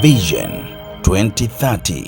Vision 2030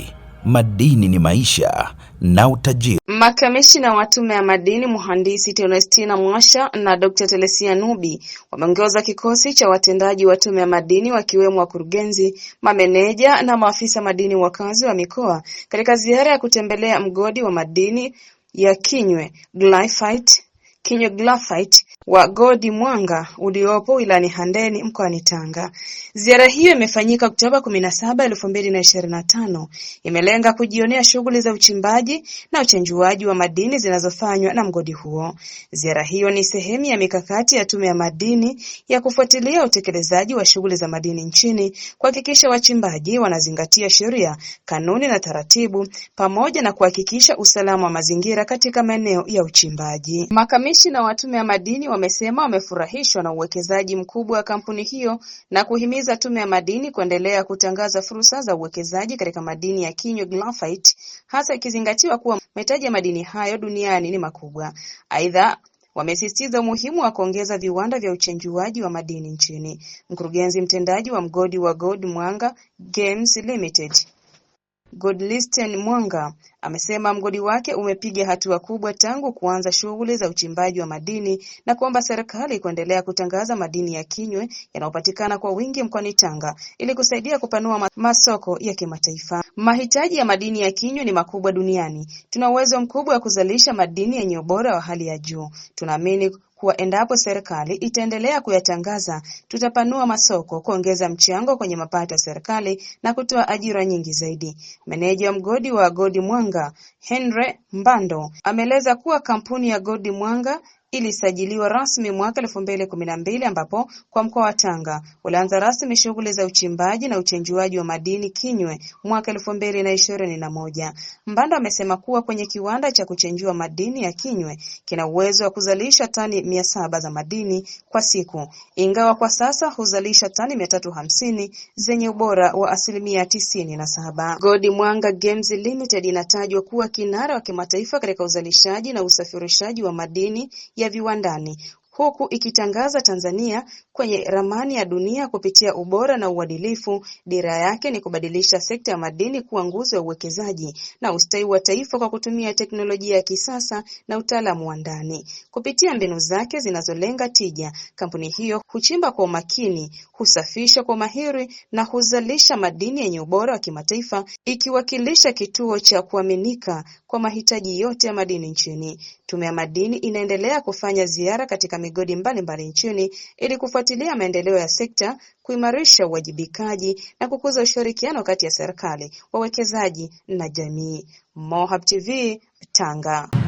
madini ni maisha na utajiri. Makamishina wa Tume ya Madini Mhandisi Theonestina Mwasha na dr Telesia Nubi wameongoza kikosi cha watendaji wa Tume ya Madini wakiwemo wakurugenzi, mameneja na maafisa madini wakazi wa mikoa katika ziara ya kutembelea mgodi wa madini ya Kinywe Glyphite, Kinywe Glyphite wa Godi Mwanga uliopo wilayani Handeni mkoani Tanga. Ziara hiyo imefanyika Oktoba 17, 2025. Imelenga kujionea shughuli za uchimbaji na uchenjuaji wa madini zinazofanywa na mgodi huo. Ziara hiyo ni sehemu ya mikakati ya Tume ya Madini ya kufuatilia utekelezaji wa shughuli za madini nchini, kuhakikisha wachimbaji wanazingatia sheria, kanuni na taratibu, pamoja na kuhakikisha usalama wa mazingira katika maeneo ya uchimbaji. Makamishna wa Tume ya Madini wamesema wamefurahishwa na uwekezaji mkubwa wa kampuni hiyo na kuhimiza Tume ya Madini kuendelea kutangaza fursa za uwekezaji katika madini ya kinywa Graphite hasa ikizingatiwa kuwa mahitaji ya madini hayo duniani ni makubwa. Aidha, wamesisitiza umuhimu wa kuongeza viwanda vya uchenjuaji wa madini nchini. Mkurugenzi mtendaji wa mgodi wa Gold Mwanga Games Limited Godlisten Mwanga amesema mgodi wake umepiga hatua kubwa tangu kuanza shughuli za uchimbaji wa madini na kuomba serikali kuendelea kutangaza madini ya kinywe yanayopatikana kwa wingi mkoani Tanga ili kusaidia kupanua masoko ya kimataifa. Mahitaji ya madini ya kinywe ni makubwa duniani. Tuna uwezo mkubwa wa kuzalisha madini yenye ubora wa hali ya juu. Tunaamini kuwa endapo serikali itaendelea kuyatangaza, tutapanua masoko, kuongeza mchango kwenye mapato ya serikali na kutoa ajira nyingi zaidi. Meneja wa mgodi wa Godi Mwanga Mwanga Henry Mbando ameeleza kuwa kampuni ya Godi Mwanga ilisajiliwa rasmi mwaka elfu mbili kumi na mbili ambapo kwa mkoa wa Tanga ulianza rasmi shughuli za uchimbaji na uchenjuaji wa madini Kinywe mwaka elfu mbili na ishirini na moja. Mbando amesema kuwa kwenye kiwanda cha kuchenjua madini ya Kinywe kina uwezo wa kuzalisha tani mia saba za madini kwa siku, ingawa kwa sasa huzalisha tani mia tatu hamsini zenye ubora wa asilimia tisini na saba. Godi Mwanga Games Limited inatajwa kuwa kinara wa kimataifa katika uzalishaji na usafirishaji wa madini ya viwandani huku ikitangaza Tanzania kwenye ramani ya dunia kupitia ubora na uadilifu. Dira yake ni kubadilisha sekta ya madini kuwa nguzo ya uwekezaji na ustawi wa taifa kwa kutumia teknolojia ya kisasa na utaalamu wa ndani. Kupitia mbinu zake zinazolenga tija, kampuni hiyo huchimba kwa umakini, husafisha kwa umahiri na huzalisha madini yenye ubora wa kimataifa, ikiwakilisha kituo cha kuaminika kwa mahitaji yote ya madini nchini. Tume ya Madini inaendelea kufanya ziara katika migodi mbalimbali nchini ili kufuatilia maendeleo ya sekta, kuimarisha uwajibikaji na kukuza ushirikiano kati ya serikali, wawekezaji na jamii. Mohab TV Tanga.